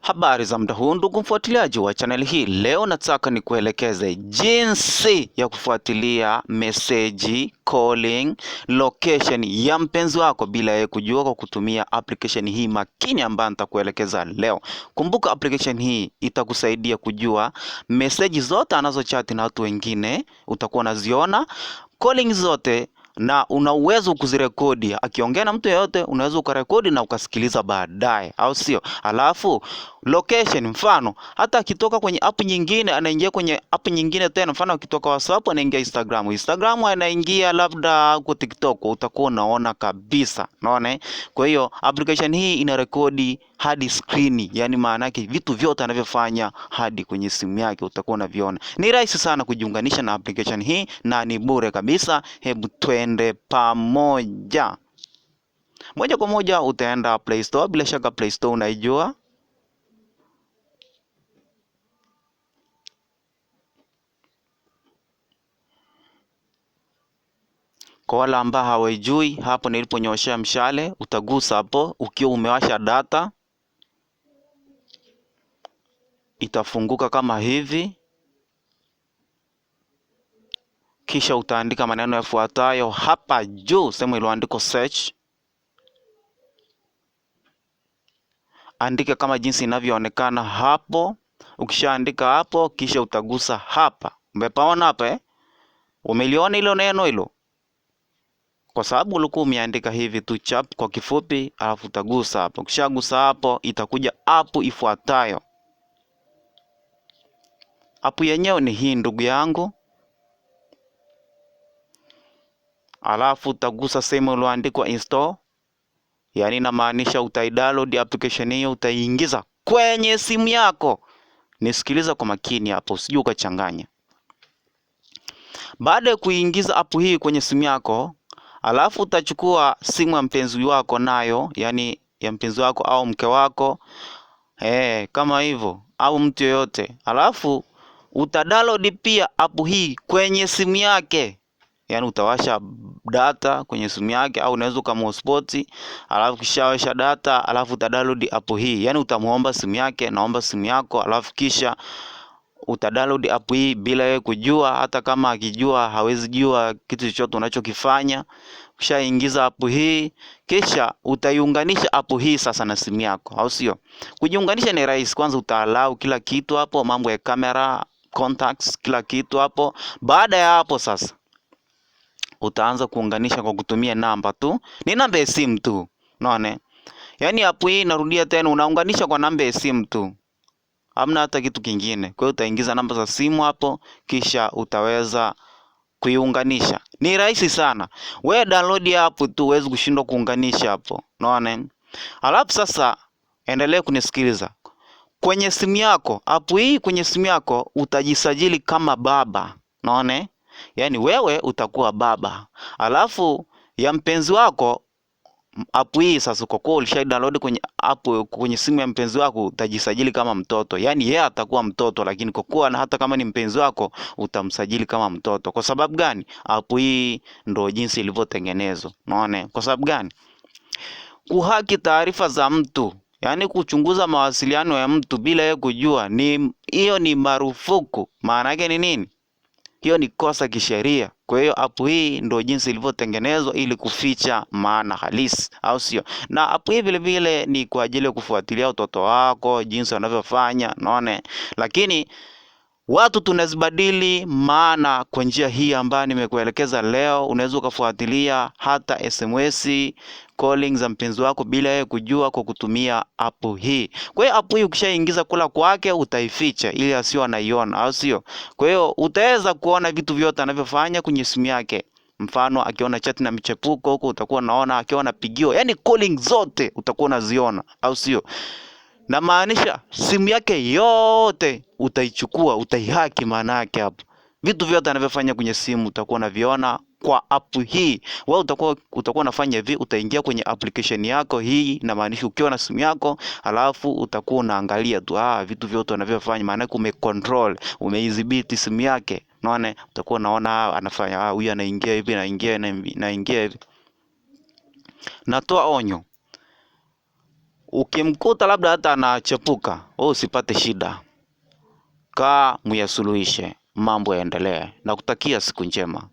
Habari za muda huu ndugu mfuatiliaji wa chaneli hii, leo nataka kuelekeze jinsi ya kufuatilia meseji, calling, location ya mpenzi wako bila yeye kujua kwa kutumia application hii makini ambayo nitakuelekeza leo. Kumbuka application hii itakusaidia kujua meseji zote anazochati na watu wengine, utakuwa unaziona calling zote na una uwezo kuzirekodi. Akiongea na mtu yeyote, unaweza ukarekodi na ukasikiliza baadaye, au sio? Alafu location mfano hata akitoka kwenye app nyingine anaingia kwenye app nyingine tena, mfano akitoka WhatsApp anaingia Instagram, Instagram anaingia labda huko TikTok, utakuwa unaona kabisa, unaona. Eh? Kwa hiyo application hii ina rekodi hadi screen, yani maana yake vitu vyote anavyofanya hadi kwenye simu yake utakuwa unaviona. Ni rahisi sana kujiunganisha na application hii na ni bure kabisa. Hebu twende pamoja moja kwa moja, utaenda Play Store. Bila shaka Play Store unaijua. Kwa wale ambao hawajui, hapo niliponyoshea mshale, utagusa hapo ukiwa umewasha data, itafunguka kama hivi, kisha utaandika maneno yafuatayo hapa juu, sehemu iliyoandikwa search andika kama jinsi inavyoonekana hapo. Ukishaandika hapo, kisha utagusa hapa. Umepaona hapa eh? Umeliona hilo neno hilo? kwa sababu ulikuwa umeandika hivi tu chap kwa kifupi, alafu utagusa hapo. Ukishagusa hapo, itakuja apu ifuatayo. Apu yenyewe ni hii ndugu yangu, alafu utagusa sehemu iliyoandikwa install, yaani inamaanisha utaidownload application hiyo, utaiingiza kwenye simu yako. Nisikiliza kwa makini hapo, sijui ukachanganya. Baada ya kuingiza apu hii kwenye simu yako alafu utachukua simu ya mpenzi wako nayo, yani ya mpenzi wako au mke wako eh, kama hivyo au mtu yoyote, alafu utadownload pia app hii kwenye simu yake, yani utawasha data kwenye simu yake, au unaweza hotspot, alafu kishawasha data, alafu utadownload app hii, yani utamuomba simu yake, naomba simu yako, alafu kisha utadownload app hii bila wewe kujua. Hata kama akijua hawezi jua kitu chochote unachokifanya. Ukishaingiza app hii, kisha utaiunganisha app hii sasa na simu yako, au sio? Kujiunganisha ni rahisi. Kwanza utaalau kila kitu hapo, mambo ya kamera, contacts, kila kitu hapo. Baada ya hapo sasa utaanza kuunganisha kwa kutumia namba tu, ni namba ya simu tu, unaona. Yaani app hii, narudia tena, unaunganisha kwa namba ya simu tu hamna hata kitu kingine. Kwa hiyo utaingiza namba za simu hapo, kisha utaweza kuiunganisha. Ni rahisi sana, we download hapo tu, huwezi kushindwa kuunganisha hapo, unaona. Alafu sasa endelee kunisikiliza. Kwenye simu yako app hii, kwenye simu yako utajisajili kama baba, unaona, yaani wewe utakuwa baba, alafu ya mpenzi wako app hii sasa, kwa kuwa ulishai download kwenye app kwenye simu ya mpenzi wako, utajisajili kama mtoto. Yani yeye atakuwa mtoto, lakini kwa kuwa hata kama ni mpenzi wako utamsajili kama mtoto. Kwa sababu gani? App hii ndo jinsi ilivyotengenezwa. Unaona, kwa sababu gani? Kuhaki taarifa za mtu, yaani kuchunguza mawasiliano ya mtu bila yeye kujua, ni hiyo ni marufuku. Maana yake ni nini? hiyo ni kosa kisheria. Kwa hiyo app hii ndio jinsi ilivyotengenezwa ili kuficha maana halisi, au sio? Na app hii vile vile ni kwa ajili ya kufuatilia watoto wako jinsi wanavyofanya, naone. Lakini watu tunazibadili maana kwa njia hii ambayo nimekuelekeza leo. Unaweza ukafuatilia hata SMS calling za mpenzi wako bila yeye kujua kwa kutumia app hii. Kwa hiyo app hii ukishaingiza kula kwake utaificha ili asiwe anaiona, au sio? Kwa hiyo utaweza kuona vitu vyote anavyofanya kwenye simu yake. Mfano akiona chat na michepuko huko utakuwa unaona, akiwa anapigiwa, yani calling zote utakuwa unaziona, au sio? Na maanisha simu yake yote utaichukua, utaihaki maana yake hapo. Vitu vyote anavyofanya kwenye simu utakuwa unaviona, kwa app hii wewe utakuwa utakuwa unafanya hivi, utaingia kwenye application yako hii, na maanisha ukiwa na simu yako, alafu utakuwa unaangalia tu ah, vitu vyote unavyofanya, maana umecontrol, umeidhibiti simu yake. Unaona, utakuwa unaona ah, anafanya ah, huyu anaingia hivi, naingia naingia hivi. Natoa onyo, ukimkuta labda hata anachepuka, wewe usipate shida, kaa muyasuluhishe, mambo yaendelee. Nakutakia siku njema.